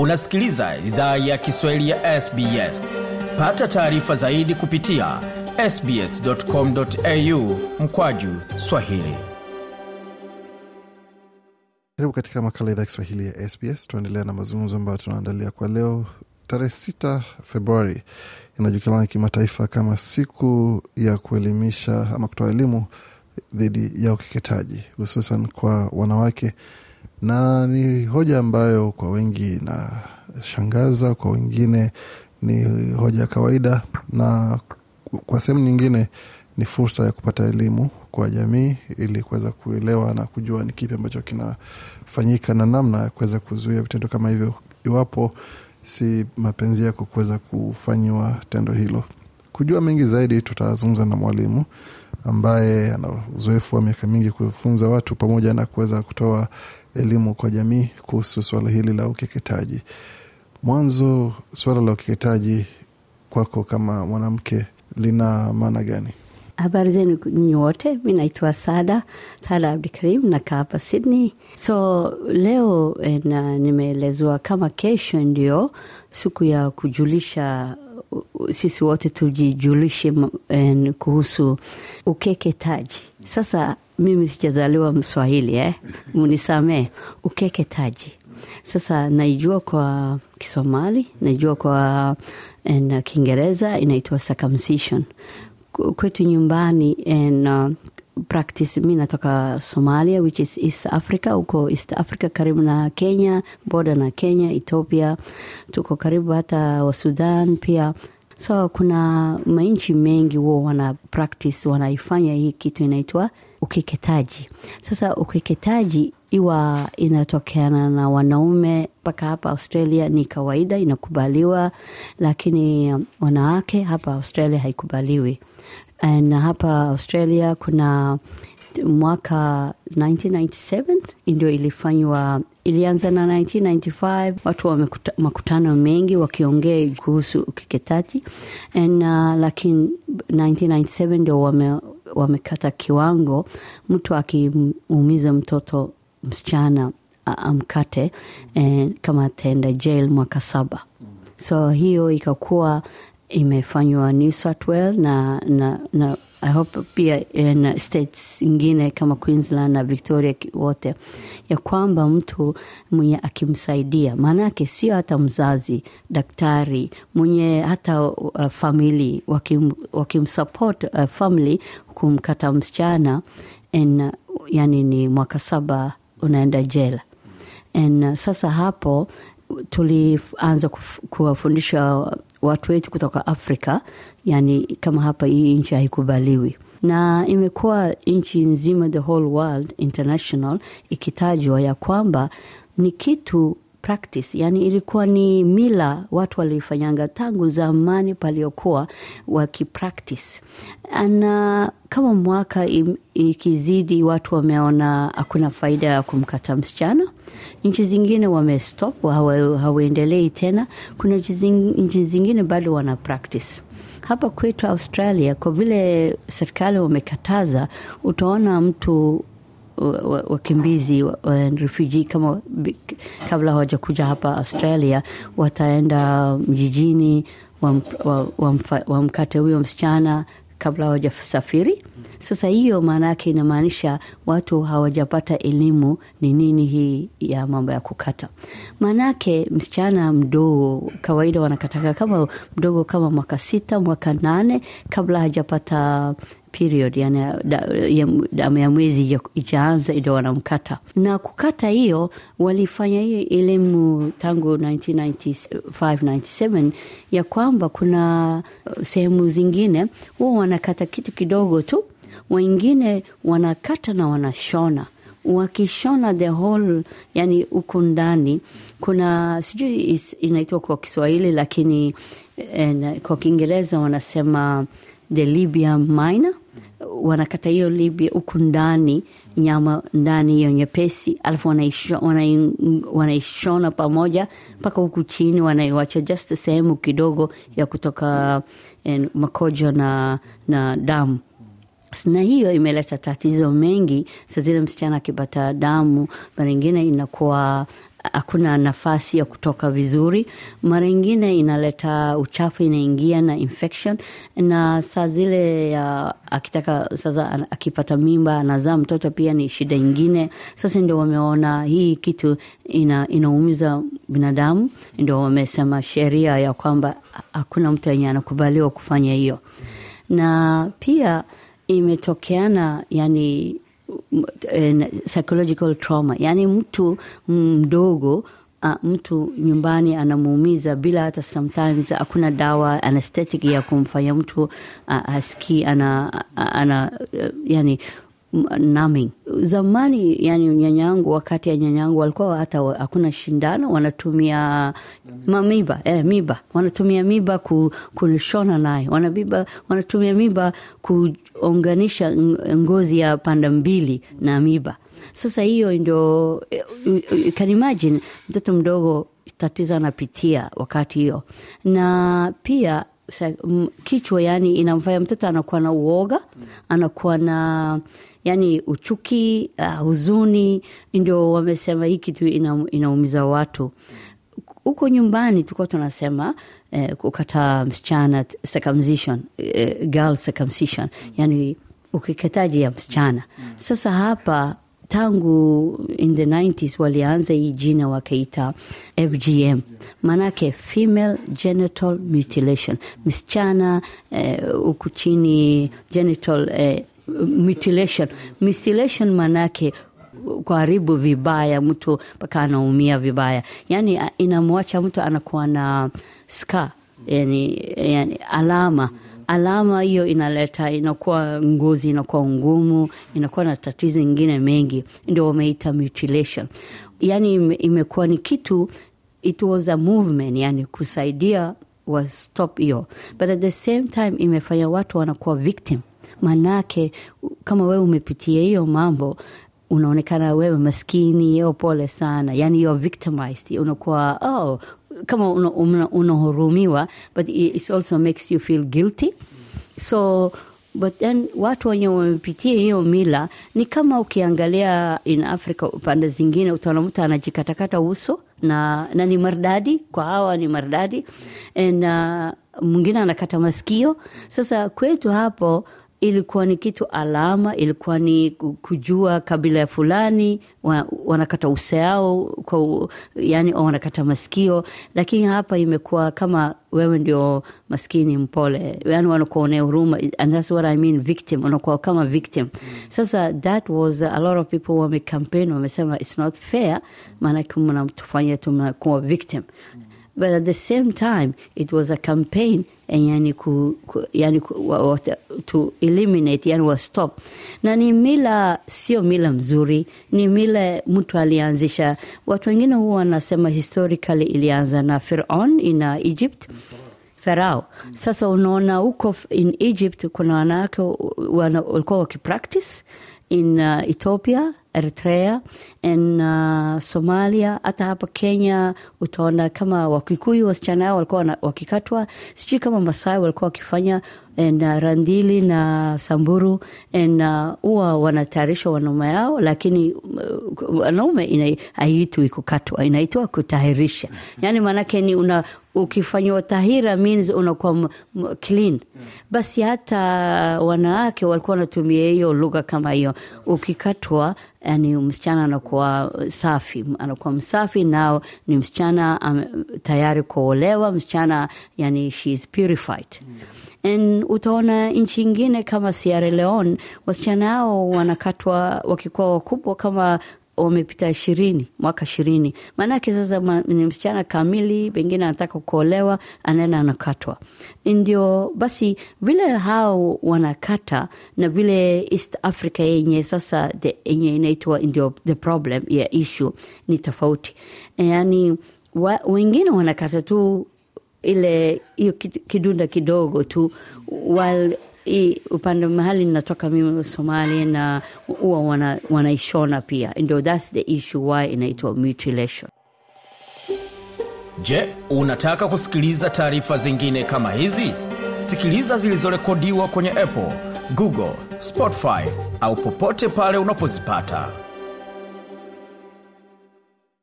unasikiliza idhaa ya kiswahili ya sbs pata taarifa zaidi kupitia sbscomau mkwaju swahili karibu katika makala idhaa kiswahili ya sbs tunaendelea na mazungumzo ambayo tunaandalia kwa leo tarehe 6 februari inajukilana kimataifa kama siku ya kuelimisha ama kutoa elimu dhidi ya ukeketaji hususan kwa wanawake na ni hoja ambayo kwa wengi inashangaza, kwa wengine ni hoja ya kawaida, na kwa sehemu nyingine ni fursa ya kupata elimu kwa jamii ili kuweza kuelewa na kujua ni kipi ambacho kinafanyika na namna ya kuweza kuzuia vitendo kama hivyo, iwapo si mapenzi yako kuweza kufanyiwa tendo hilo. Kujua mengi zaidi, tutazungumza na mwalimu ambaye ana uzoefu wa miaka mingi kufunza watu pamoja na kuweza kutoa elimu kwa jamii kuhusu suala hili la ukeketaji. Mwanzo, suala la ukeketaji kwako kama mwanamke lina maana gani? Habari zenu wote mi naitwa Sada Sada Abdikarim, nakaa hapa Sydney. So leo eh, nimeelezwa kama kesho ndio siku ya kujulisha sisi wote tujijulishe eh, kuhusu ukeketaji. Sasa mimi sijazaliwa Mswahili eh? Mnisamee. Ukeketaji sasa naijua kwa Kisomali, naijua kwa eh, Kiingereza inaitwa circumcision kwetu nyumbani en, eh, practice mi natoka somalia which is east africa huko east africa karibu na kenya boda na kenya ethiopia tuko karibu hata wa sudan pia so kuna manchi mengi huo wana practice wanaifanya hii kitu inaitwa ukeketaji sasa ukeketaji iwa inatokeana na wanaume mpaka hapa australia ni kawaida inakubaliwa lakini wanawake hapa australia haikubaliwi na hapa Australia kuna mwaka 1997 ndio ilifanywa, ilianza na 1995. Watu wa makutano mengi wakiongea kuhusu ukeketaji uh, lakini 1997 ndio wame, wamekata kiwango mtu akiumiza mtoto msichana amkate eh, kama ataenda jail mwaka saba. So hiyo ikakuwa imefanywa New South Wales na, na, na I hope pia eh, na states ingine kama Queensland na Victoria wote, ya kwamba mtu mwenye akimsaidia, maanake sio hata mzazi, daktari mwenye hata uh, famili wakim, wakimsupport uh, famili kumkata msichana en, uh, yani ni mwaka saba unaenda jela en, uh, sasa hapo tulianza kuwafundisha watu wetu kutoka Afrika, yani kama hapa hii nchi haikubaliwi na imekuwa nchi nzima, the whole world international ikitajwa ya kwamba ni kitu practice, yani ilikuwa ni mila watu walifanyanga tangu zamani paliokuwa wakipractice na kama mwaka ikizidi watu wameona hakuna faida ya kumkata msichana Nchi zingine wamestop, hawa, hawaendelei tena. Kuna nchi zingine bado wana practice hapa kwetu Australia, kwa vile serikali wamekataza, utaona mtu wakimbizi wa, wa, wa wa kama kabla hawajakuja hapa Australia, wataenda mjijini wamkate wa, wa, wa huyo msichana kabla hawajasafiri. Sasa hiyo maana yake inamaanisha watu hawajapata elimu ni nini hii ya mambo ya kukata. Maanake msichana mdogo kawaida wanakataka kama mdogo kama mwaka sita, mwaka nane, kabla hajapata period yani damu ya mwezi ijaanza ido wanamkata. Na kukata hiyo walifanya hiyo elimu tangu 1995-97 ya kwamba kuna uh, sehemu zingine huwa wanakata kitu kidogo tu wengine wanakata na wanashona wakishona the whole, yani huku ndani kuna sijui inaitwa kwa Kiswahili, lakini en, eh, kwa Kiingereza wanasema the Libya minor. Wanakata hiyo Libya huku ndani, nyama ndani hiyo nyepesi, alafu wanaishona, wanaishona pamoja mpaka huku chini, wanaiwacha just sehemu kidogo ya kutoka en, eh, makojo na, na damu na hiyo imeleta tatizo mengi. Sazile msichana akipata damu mara ingine inakuwa hakuna nafasi ya kutoka vizuri, mara ingine inaleta uchafu inaingia na infection, na saa zile uh, akitaka sasa, akipata mimba anazaa mtoto pia ni shida ingine. Sasa ndio wameona hii kitu ina, inaumiza binadamu, ndio wamesema sheria ya kwamba hakuna mtu enye anakubaliwa kufanya hiyo, na pia imetokeana yani eh, psychological trauma, yani mtu mdogo Uh, mtu nyumbani anamuumiza bila hata sometimes hakuna dawa anesthetic ya kumfanya mtu uh, hasikii ana, ana uh, yani nami Zamani yani nyanyangu, wakati ya nyanyangu walikuwa hata hakuna shindano, wanatumia mamiba eh, miba wanatumia miba ku, kunishona naye wanabiba, wanatumia miba kuunganisha ngozi ya pande mbili na miba. Sasa hiyo ndio eh, can imagine mtoto mdogo tatizo anapitia wakati hiyo, na pia kichwa, yani inamfanya mtoto anakuwa na uoga, anakuwa na yani uchuki, uh, huzuni. Ndio wamesema hii kitu ina, inaumiza watu huko nyumbani tukuwa tunasema eh, kukata msichana circumcision, eh, girl circumcision, yani ukiketaji ya msichana. Sasa hapa tangu in the 90s walianza hii jina wakaita FGM, maanake female genital mutilation, msichana eh, huku eh, chini genital eh, mutilation. Mutilation maanake kuharibu vibaya mtu mpaka anaumia vibaya, yani inamwacha mtu anakuwa na ska yani, yani alama mm -hmm alama hiyo inaleta, inakuwa ngozi inakuwa ngumu, inakuwa na tatizo ingine mengi, ndio wameita mutilation. Yani imekuwa ni kitu, it was a movement, yani kusaidia wa stop hiyo, but at the same time imefanya watu wanakuwa victim, manake kama wewe umepitia hiyo mambo unaonekana wewe maskini, o pole sana, yani yo victimized, unakuwa oh, kama unahurumiwa but it also makes you feel guilty so but then watu wenye wamepitia hiyo mila ni kama ukiangalia in africa upande zingine utaona mtu anajikatakata uso na, na ni maridadi kwa hawa ni maridadi na uh, mwingine anakata masikio sasa kwetu hapo ilikuwa ni kitu alama, ilikuwa ni kujua kabila ya fulani wanakata useao kwa, yani wanakata masikio, lakini hapa imekuwa kama wewe ndio maskini mpole, yani wanakuonea huruma, and that's what I mean victim, wanakuwa kama victim. Mm. Sasa that was uh, a lot of people wamekampaign, wamesema it's not fair, maanake mnatufanya tunakuwa victim mm. but at the same time it was a campaign yani ku, ku, yani ku, to eliminate yani wa stop na ni mila sio mila mzuri ni mila mtu alianzisha watu wengine huwa wanasema historically ilianza na firaun ina egypt farao sasa unaona huko in egypt kuna wanawake walikuwa wakipractice in uh, ethiopia eritrea in uh, somalia hata hapa kenya utaona kama wakikuyu wasichana yao walikuwa wakikatwa sijui kama masai walikuwa wakifanya and uh, Randili na Samburu and uh, huwa uh, wanatayarisha wanaume yao, lakini uh, wanaume aitu haiitwi kukatwa, inaitwa kutahirisha. Mm-hmm. Yani maanake ni una ukifanyiwa tahira means unakuwa clean. Mm-hmm. Basi hata wanawake walikuwa wanatumia hiyo lugha kama hiyo, ukikatwa yani msichana anakuwa safi, anakuwa msafi, nao ni msichana tayari kuolewa, msichana yani she is purified. Mm and utaona nchi ingine kama Sierra Leone wasichana hao wanakatwa wakikuwa wakubwa kama wamepita ishirini mwaka ishirini maanake sasa ma, ni msichana kamili pengine anataka kuolewa anaenda anakatwa ndio basi vile hao wanakata na vile east africa yenye sasa yenye inaitwa ndio the problem ya yeah, issue ni tofauti yaani wengine wanakata tu ile hiyo kidunda kidogo tu wal hii upande mahali natoka mimi Somali na huwa wana, wanaishona pia, ndio that's the issue why inaitwa mutilation. Je, unataka kusikiliza taarifa zingine kama hizi? Sikiliza zilizorekodiwa kwenye Apple, Google, Spotify au popote pale unapozipata.